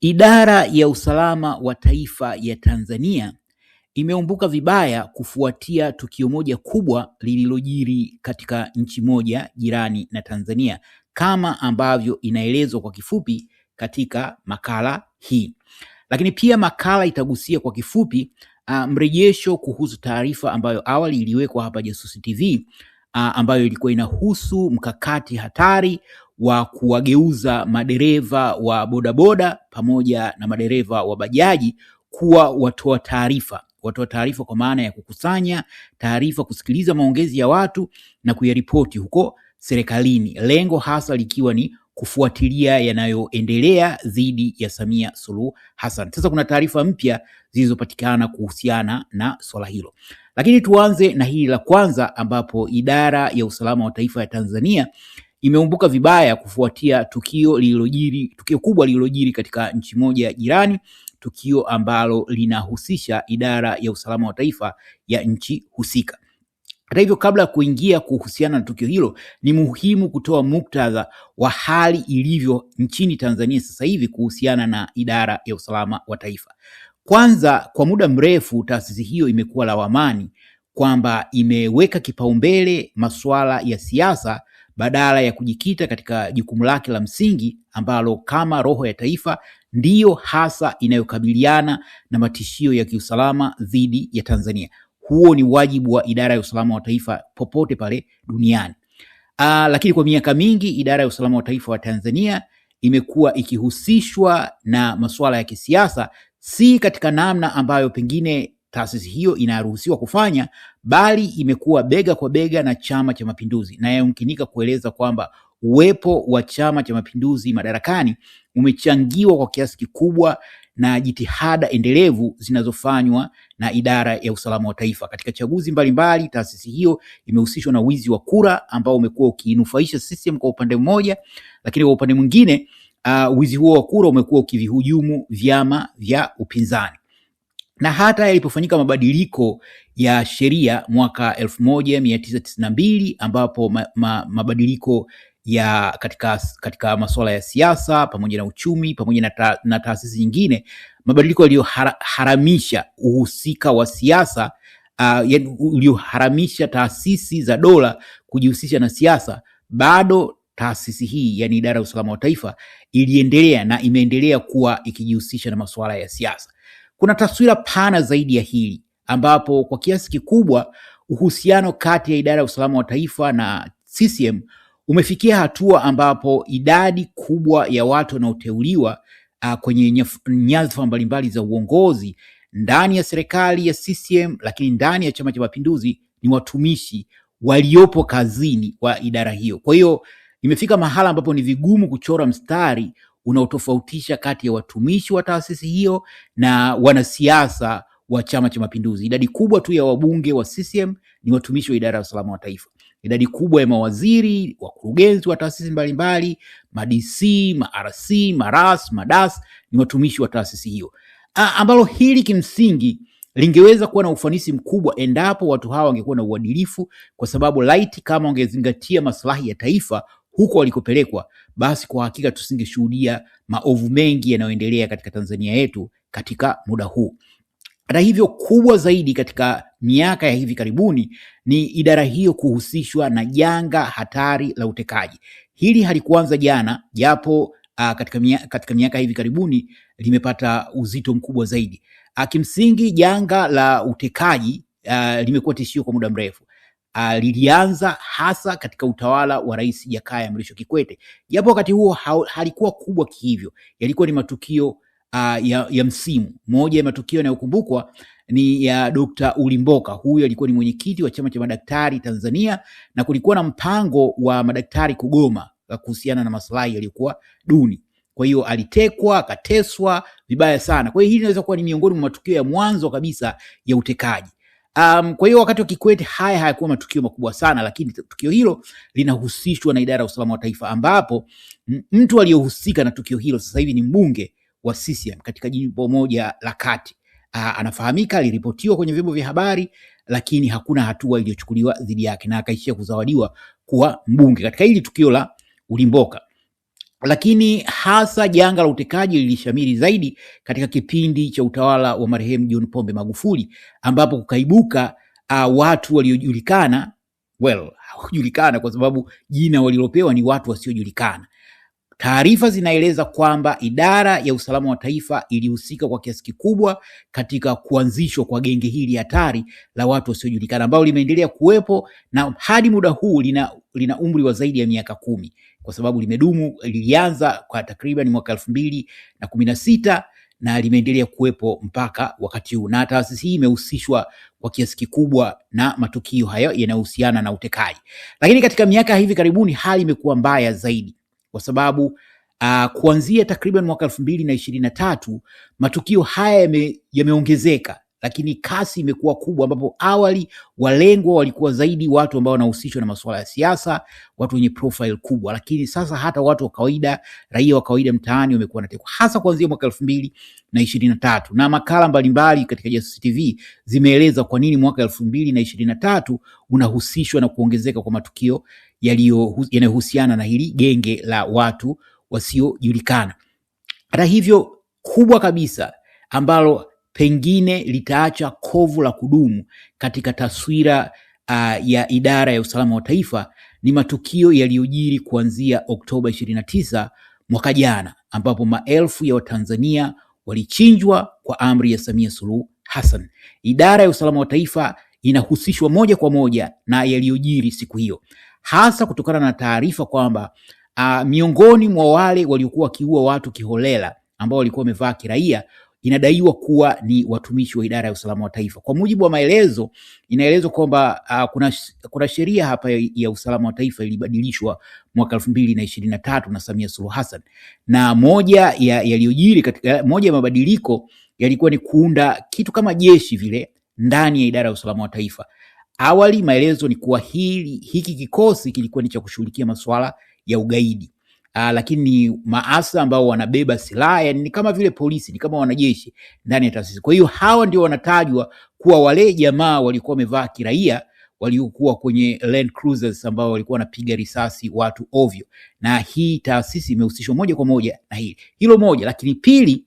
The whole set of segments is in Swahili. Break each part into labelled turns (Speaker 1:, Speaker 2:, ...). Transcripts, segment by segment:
Speaker 1: Idara ya Usalama wa Taifa ya Tanzania imeumbuka vibaya kufuatia tukio moja kubwa lililojiri katika nchi moja jirani na Tanzania kama ambavyo inaelezwa kwa kifupi katika makala hii. Lakini pia makala itagusia kwa kifupi uh, mrejesho kuhusu taarifa ambayo awali iliwekwa hapa Jasusi TV uh, ambayo ilikuwa inahusu mkakati hatari wa kuwageuza madereva wa bodaboda pamoja na madereva wa bajaji kuwa watoa taarifa watoa taarifa kwa maana ya kukusanya taarifa, kusikiliza maongezi ya watu na kuyaripoti huko serikalini, lengo hasa likiwa ni kufuatilia yanayoendelea dhidi ya Samia Suluhu Hassan. Sasa kuna taarifa mpya zilizopatikana kuhusiana na swala hilo, lakini tuanze na hili la kwanza, ambapo idara ya usalama wa taifa ya Tanzania imeumbuka vibaya kufuatia tukio lililojiri, tukio kubwa lililojiri katika nchi moja jirani, tukio ambalo linahusisha idara ya usalama wa taifa ya nchi husika. Hata hivyo, kabla ya kuingia kuhusiana na tukio hilo, ni muhimu kutoa muktadha wa hali ilivyo nchini Tanzania sasa hivi kuhusiana na idara ya usalama wa taifa. Kwanza, kwa muda mrefu taasisi hiyo imekuwa lawamani kwamba imeweka kipaumbele masuala ya siasa badala ya kujikita katika jukumu lake la msingi ambalo kama roho ya taifa ndiyo hasa inayokabiliana na matishio ya kiusalama dhidi ya Tanzania. Huo ni wajibu wa idara ya usalama wa taifa popote pale duniani. Aa, ah, lakini kwa miaka mingi idara ya usalama wa taifa wa Tanzania imekuwa ikihusishwa na masuala ya kisiasa, si katika namna ambayo pengine taasisi hiyo inaruhusiwa kufanya, bali imekuwa bega kwa bega na Chama cha Mapinduzi, na yamkinika kueleza kwamba uwepo wa Chama cha Mapinduzi madarakani umechangiwa kwa kiasi kikubwa na jitihada endelevu zinazofanywa na idara ya usalama wa taifa. Katika chaguzi mbalimbali, taasisi hiyo imehusishwa na wizi wa kura ambao umekuwa ukiinufaisha CCM kwa upande mmoja, lakini kwa upande mwingine uh, wizi huo wa kura umekuwa ukivihujumu vyama vya upinzani na hata yalipofanyika mabadiliko ya sheria mwaka elfu moja mia tisa tisini na mbili ambapo ma, ma, mabadiliko ya katika, katika masuala ya siasa pamoja na uchumi pamoja na, taasisi nyingine, mabadiliko yaliyoharamisha uhusika wa siasa uh, taasisi za dola kujihusisha na siasa, bado taasisi hii yani idara ya usalama wa taifa iliendelea na imeendelea kuwa ikijihusisha na masuala ya siasa. Kuna taswira pana zaidi ya hili ambapo kwa kiasi kikubwa uhusiano kati ya idara ya usalama wa taifa na CCM umefikia hatua ambapo idadi kubwa ya watu wanaoteuliwa uh, kwenye nyadhifa mbalimbali za uongozi ndani ya serikali ya CCM lakini ndani ya Chama cha Mapinduzi ni watumishi waliopo kazini wa idara hiyo. Kwa hiyo imefika mahala ambapo ni vigumu kuchora mstari unaotofautisha kati ya watumishi wa taasisi hiyo na wanasiasa wa Chama cha Mapinduzi. Idadi kubwa tu ya wabunge wa CCM ni watumishi wa idara ya usalama wa taifa. Idadi kubwa ya mawaziri, wakurugenzi wa taasisi mbalimbali, ma marc maras madas ni watumishi wa taasisi hiyo, ambalo hili kimsingi lingeweza kuwa na ufanisi mkubwa endapo watu hawa wangekuwa na uadilifu, kwa sababu laiti kama wangezingatia maslahi ya taifa huko walikopelekwa, basi kwa hakika tusingeshuhudia maovu mengi yanayoendelea katika Tanzania yetu katika muda huu. Hata hivyo, kubwa zaidi katika miaka ya hivi karibuni ni idara hiyo kuhusishwa na janga hatari la utekaji. Hili halikuanza jana, japo a, katika, mia, katika miaka hivi karibuni limepata uzito mkubwa zaidi. kimsingi janga la utekaji limekuwa tishio kwa muda mrefu, Ah, lilianza hasa katika utawala wa Rais Jakaya Mrisho Kikwete, japo wakati huo halikuwa kubwa kihivyo. Yalikuwa ni matukio uh, ya, ya msimu. Moja ya matukio yanayokumbukwa ni ya Dr. Ulimboka. Huyu alikuwa ni mwenyekiti wa chama cha madaktari Tanzania, na kulikuwa na mpango wa madaktari kugoma ah, kuhusiana na maslahi yaliyokuwa duni. Kwa hiyo alitekwa, akateswa vibaya sana. Kwa hiyo hili linaweza kuwa ni miongoni mwa matukio ya mwanzo kabisa ya utekaji. Um, kwa hiyo wakati wa Kikwete haya hayakuwa matukio makubwa sana, lakini tukio hilo linahusishwa na idara ya usalama wa taifa, ambapo mtu aliyohusika na tukio hilo sasa hivi ni mbunge wa CCM katika jimbo moja la kati. Uh, anafahamika, aliripotiwa kwenye vyombo vya habari, lakini hakuna hatua iliyochukuliwa dhidi yake na akaishia kuzawadiwa kuwa mbunge katika hili tukio la Ulimboka lakini hasa janga la utekaji lilishamiri zaidi katika kipindi cha utawala wa marehemu John Pombe Magufuli, ambapo kukaibuka uh, watu waliojulikana well, hawajulikana kwa sababu jina walilopewa ni watu wasiojulikana. Taarifa zinaeleza kwamba idara ya usalama wa taifa ilihusika kwa kiasi kikubwa katika kuanzishwa kwa genge hili hatari la watu wasiojulikana ambalo limeendelea kuwepo na hadi muda huu lina, lina umri wa zaidi ya miaka kumi kwa sababu limedumu, lilianza kwa takriban mwaka elfu mbili na kumi na sita na limeendelea kuwepo mpaka wakati huu, na taasisi hii imehusishwa kwa kiasi kikubwa na matukio hayo yanayohusiana na utekaji. Lakini katika miaka hivi karibuni hali imekuwa mbaya zaidi kwa sababu Uh, kuanzia takriban mwaka elfu mbili na ishirini na tatu matukio haya yameongezeka lakini kasi imekuwa kubwa, ambapo awali walengwa walikuwa zaidi watu ambao wanahusishwa na masuala ya siasa, watu wenye profile kubwa, lakini sasa hata watu wa kawaida, raia wa kawaida mtaani wamekuwa wanatekwa, hasa kuanzia mwaka elfu mbili na ishirini na tatu na makala mbalimbali katika Jasusi TV zimeeleza kwa nini mwaka elfu mbili na ishirini na tatu unahusishwa na kuongezeka kwa matukio yanayohusiana na hili genge la watu wasiojulikana. Hata hivyo kubwa kabisa ambalo pengine litaacha kovu la kudumu katika taswira uh, ya idara ya usalama wa taifa ni matukio yaliyojiri kuanzia Oktoba 29 mwaka jana, ambapo maelfu ya Watanzania walichinjwa kwa amri ya Samia Suluhu Hassan. Idara ya usalama wa taifa inahusishwa moja kwa moja na yaliyojiri siku hiyo, hasa kutokana na taarifa kwamba uh, miongoni mwa wale waliokuwa wakiua watu kiholela ambao walikuwa wamevaa kiraia inadaiwa kuwa ni watumishi wa idara ya usalama wa taifa. Kwa mujibu wa maelezo, inaelezwa kwamba uh, kuna, kuna sheria hapa ya usalama wa taifa ilibadilishwa mwaka elfu mbili na ishirini na tatu na Samia Suluhu Hassan, na moja ya yaliyojiri katika eh, moja ya mabadiliko yalikuwa ni kuunda kitu kama jeshi vile ndani ya idara ya usalama wa taifa. Awali maelezo ni kuwa hili hiki kikosi kilikuwa ni cha kushughulikia masuala ya ugaidi Uh, lakini ni maasa ambao wanabeba silaha yani ni kama vile polisi, ni kama wanajeshi ndani ya taasisi. Kwa hiyo hawa ndio wanatajwa kuwa wale jamaa walikuwa wamevaa kiraia waliokuwa kwenye Land Cruisers ambao walikuwa wanapiga risasi watu ovyo, na hii taasisi imehusishwa moja kwa moja na hili hilo moja, lakini pili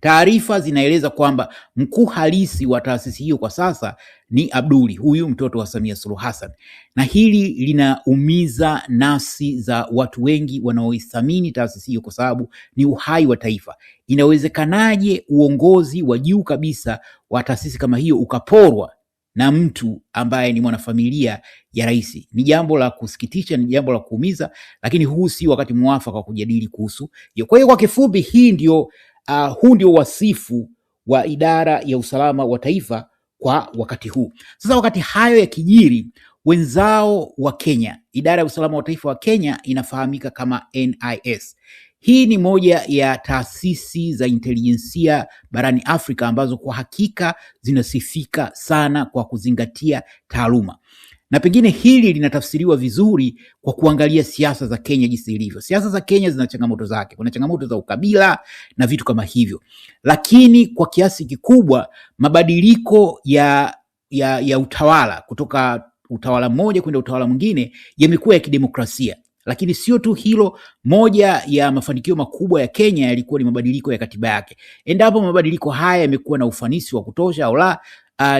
Speaker 1: Taarifa zinaeleza kwamba mkuu halisi wa taasisi hiyo kwa sasa ni Abduli, huyu mtoto wa Samia Suluhu Hassan, na hili linaumiza nafsi za watu wengi wanaoithamini taasisi hiyo, kwa sababu ni uhai wa taifa. Inawezekanaje uongozi wa juu kabisa wa taasisi kama hiyo ukaporwa na mtu ambaye ni mwanafamilia ya rais. Ni jambo la kusikitisha, ni jambo la kuumiza, lakini huu si wakati mwafaka wa kujadili kuhusu hiyo. Kwa hiyo, kwa kifupi, hii ndio Uh, huu ndio wasifu wa idara ya usalama wa taifa kwa wakati huu. Sasa wakati hayo ya kijiri wenzao wa Kenya, idara ya usalama wa taifa wa Kenya inafahamika kama NIS. Hii ni moja ya taasisi za intelijensia barani Afrika ambazo kwa hakika zinasifika sana kwa kuzingatia taaluma na pengine hili linatafsiriwa vizuri kwa kuangalia siasa za Kenya jinsi ilivyo. Siasa za Kenya zina changamoto zake, kuna changamoto za ukabila na vitu kama hivyo, lakini kwa kiasi kikubwa mabadiliko ya, ya, ya utawala kutoka utawala mmoja kwenda utawala mwingine yamekuwa ya kidemokrasia. Lakini sio tu hilo, moja ya mafanikio makubwa ya Kenya yalikuwa ni mabadiliko ya katiba yake. Endapo mabadiliko haya yamekuwa na ufanisi wa kutosha au la,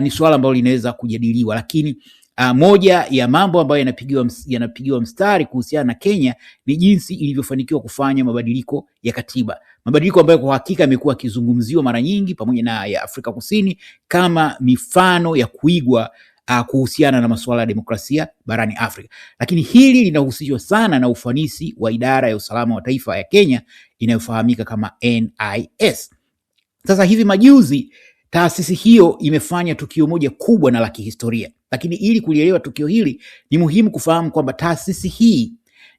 Speaker 1: ni suala ambalo linaweza kujadiliwa, lakini Uh, moja ya mambo ambayo yanapigiwa yanapigiwa mstari kuhusiana na Kenya ni jinsi ilivyofanikiwa kufanya mabadiliko ya katiba, mabadiliko ambayo kwa hakika yamekuwa akizungumziwa mara nyingi pamoja na ya Afrika Kusini kama mifano ya kuigwa uh, kuhusiana na masuala ya demokrasia barani Afrika, lakini hili linahusishwa sana na ufanisi wa idara ya usalama wa taifa ya Kenya inayofahamika kama NIS. Sasa hivi majuzi Taasisi hiyo imefanya tukio moja kubwa na la kihistoria, lakini ili kulielewa tukio hili ni muhimu kufahamu kwamba taasisi hii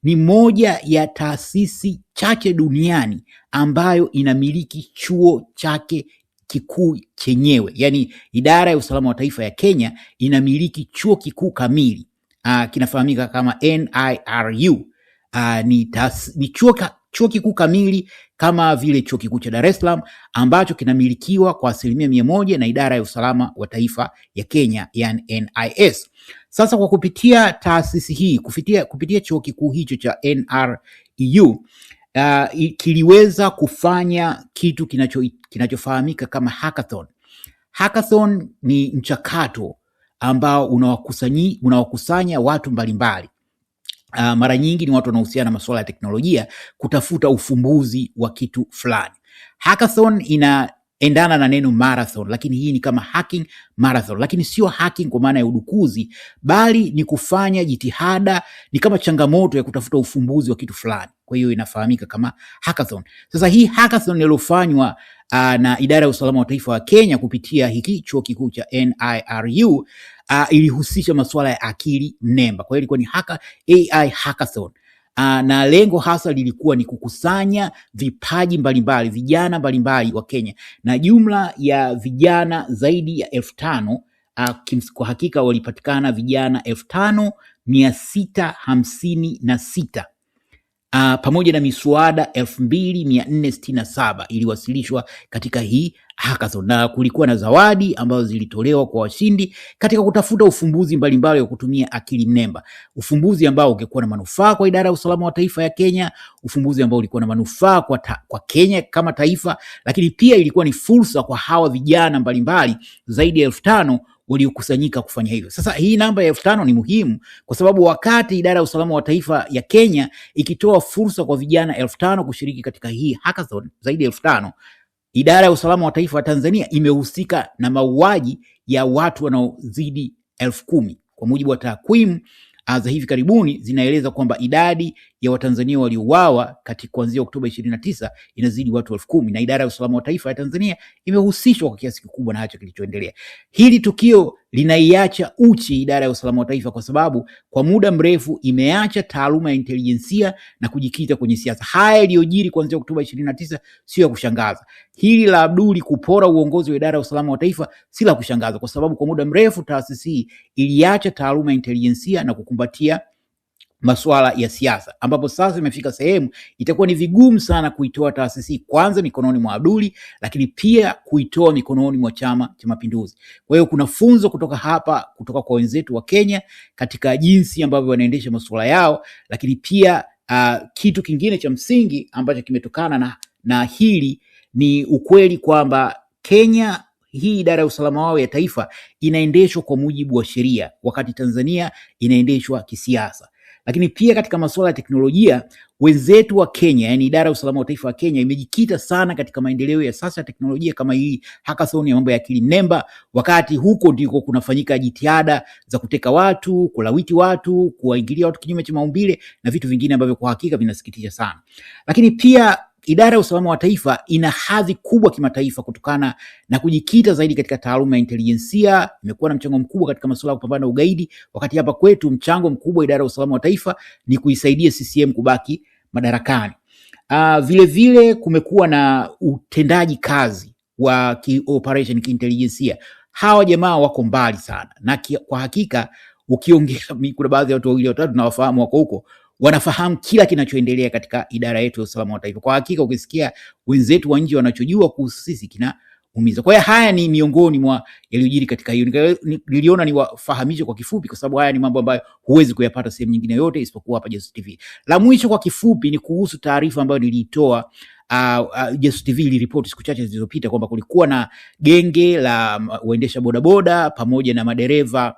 Speaker 1: ni moja ya taasisi chache duniani ambayo inamiliki chuo chake kikuu chenyewe, yaani idara ya usalama wa taifa ya Kenya inamiliki chuo kikuu kamili. Aa, ah, kinafahamika kama NIRU. Aa, ah, ni, tas, ni chuo, chuo kikuu kamili kama vile Chuo Kikuu cha Dar es Salaam ambacho kinamilikiwa kwa asilimia mia moja na Idara ya Usalama wa Taifa ya Kenya, yani NIS. Sasa kwa kupitia taasisi hii kupitia, kupitia chuo kikuu hicho cha NREU uh, kiliweza kufanya kitu kinacho, kinachofahamika kama hackathon. Hackathon ni mchakato ambao unawakusanya watu mbalimbali Uh, mara nyingi ni watu wanaohusiana na masuala ya teknolojia kutafuta ufumbuzi wa kitu fulani. Hackathon ina endana na neno marathon, lakini hii ni kama hacking marathon, lakini sio hacking kwa maana ya udukuzi, bali ni kufanya jitihada, ni kama changamoto ya kutafuta ufumbuzi wa kitu fulani. Kwa hiyo inafahamika kama hackathon. Sasa hii hackathon iliyofanywa uh, na idara ya usalama wa taifa wa Kenya kupitia hiki chuo kikuu cha NIRU uh, ah, ilihusisha masuala ya akili mnemba. Kwa hiyo ilikuwa ni haka, AI hackathon uh, na lengo hasa lilikuwa ni kukusanya vipaji mbalimbali vijana mbalimbali wa Kenya na jumla ya vijana zaidi ya elfu tano uh, kwa hakika walipatikana vijana elfu tano mia sita hamsini na sita Uh, pamoja na miswada elfu mbili mia nne sitini na saba iliwasilishwa katika hii hackathon na kulikuwa na zawadi ambazo zilitolewa kwa washindi katika kutafuta ufumbuzi mbalimbali wa kutumia akili mnemba, ufumbuzi ambao ungekuwa na manufaa kwa idara ya usalama wa taifa ya Kenya, ufumbuzi ambao ulikuwa na manufaa kwa, ta, kwa Kenya kama taifa, lakini pia ilikuwa ni fursa kwa hawa vijana mbalimbali zaidi ya elfu tano waliokusanyika kufanya hivyo. Sasa hii namba ya elfu tano ni muhimu kwa sababu wakati idara ya usalama wa taifa ya Kenya ikitoa fursa kwa vijana elfu tano kushiriki katika hii hackathon zaidi ya elfu tano idara ya usalama wa taifa ya Tanzania imehusika na mauaji ya watu wanaozidi elfu kumi kwa mujibu wa takwimu ah, za hivi karibuni zinaeleza kwamba idadi ya Watanzania waliouawa kati kuanzia Oktoba ishirini na tisa inazidi watu elfu kumi na idara ya usalama wa taifa ya Tanzania imehusishwa kwa kiasi kikubwa na hacho kilichoendelea. Hili tukio linaiacha uchi idara ya usalama wa taifa, kwa sababu kwa muda mrefu imeacha taaluma ya intelijensia na kujikita kwenye siasa. Haya iliyojiri kuanzia Oktoba ishirini na tisa sio ya kushangaza. Hili la Abduli kupora uongozi wa idara ya usalama wa taifa si la kushangaza, kwa sababu kwa muda mrefu taasisi hii iliacha taaluma ya intelijensia na kukumbatia masuala ya siasa, ambapo sasa imefika sehemu itakuwa ni vigumu sana kuitoa taasisi kwanza mikononi mwa aduli lakini pia kuitoa mikononi mwa Chama cha Mapinduzi. Kwa hiyo kuna funzo kutoka hapa, kutoka kwa wenzetu wa Kenya katika jinsi ambavyo wanaendesha masuala yao, lakini pia uh, kitu kingine cha msingi ambacho kimetokana na, na hili ni ukweli kwamba Kenya hii idara ya usalama wao ya taifa inaendeshwa kwa mujibu wa sheria, wakati Tanzania inaendeshwa kisiasa. Lakini pia katika masuala ya teknolojia, wenzetu wa Kenya, yani idara ya usalama wa taifa wa Kenya imejikita sana katika maendeleo ya sasa ya teknolojia kama hii hackathon ya mambo ya akili mnemba, wakati huko ndiko kunafanyika jitihada za kuteka watu, kulawiti watu, kuwaingilia watu kinyume cha maumbile na vitu vingine ambavyo kwa hakika vinasikitisha sana. Lakini pia Idara ya usalama wa taifa ina hadhi kubwa kimataifa kutokana na kujikita zaidi katika taaluma ya intelijensia. Imekuwa na mchango mkubwa katika masuala ya kupambana na ugaidi, wakati hapa kwetu mchango mkubwa idara ya usalama wa taifa ni kuisaidia CCM kubaki madarakani. Uh, ah, vilevile kumekuwa na utendaji kazi wa ki kiintelijensia. Hawa jamaa wako mbali sana na kia, kwa hakika ukiongea, kuna baadhi ya watu wawili watatu nawafahamu wako huko, wanafahamu kila kinachoendelea katika idara yetu ya usalama wa taifa. Kwa hakika ukisikia wenzetu wa nje wanachojua kuhusu sisi kina umiza. Kwa hiyo haya ni miongoni mwa yaliyojiri katika hiyo, niliona niwafahamishe kwa kifupi, kwa sababu haya ni mambo ambayo huwezi kuyapata sehemu nyingine yote isipokuwa hapa Jasusi TV. La mwisho kwa kifupi ni kuhusu taarifa ambayo niliitoa Uh, uh, Jasusi TV iliripoti siku chache zilizopita kwamba kulikuwa na genge la waendesha bodaboda pamoja na madereva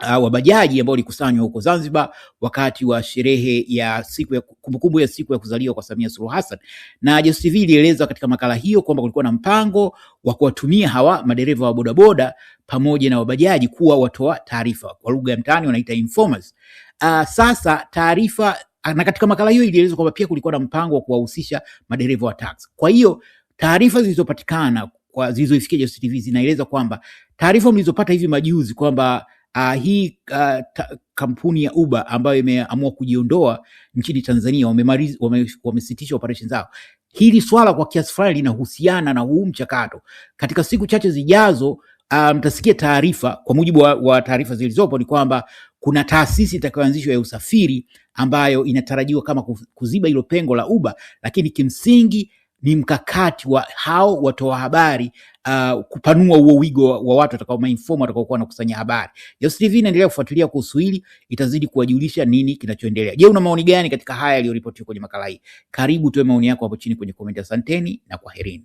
Speaker 1: Uh, wabajaji ambao walikusanywa huko Zanzibar wakati wa sherehe ya siku ya kumbukumbu ya siku ya kuzaliwa kwa Samia Suluhu Hassan. Na Jasusi TV ilieleza katika makala hiyo kwamba kulikuwa na mpango wa kuwatumia hawa madereva wa bodaboda pamoja na wabajaji kuwa watoa taarifa, kwa lugha ya mtaani wanaita informers. Uh, sasa taarifa uh, na katika makala hiyo ilieleza kwamba pia kulikuwa na mpango wa kuwahusisha madereva wa taxi. Kwa hiyo taarifa zilizopatikana kwa zilizoifikia Jasusi TV zinaeleza kwamba taarifa mlizopata hivi majuzi kwamba Uh, hii uh, ta, kampuni ya Uber ambayo imeamua kujiondoa nchini Tanzania wamesitisha wame, wame operation zao. Hili swala kwa kiasi fulani linahusiana na huu mchakato. Katika siku chache zijazo ah, mtasikia um, taarifa kwa mujibu wa, wa taarifa zilizopo ni kwamba kuna taasisi itakayoanzishwa ya usafiri ambayo inatarajiwa kama kuziba hilo pengo la Uber, lakini kimsingi ni mkakati wa hao watoa habari uh, kupanua huo wigo wa watu watakao mainform watakaokuwa wanakusanya habari. Jasusi TV inaendelea kufuatilia kuhusu hili, itazidi kuwajulisha nini kinachoendelea. Je, una maoni gani katika haya yaliyoripotiwa kwenye makala hii? Karibu tuwe maoni yako hapo chini kwenye komenti. Asanteni na kwaherini.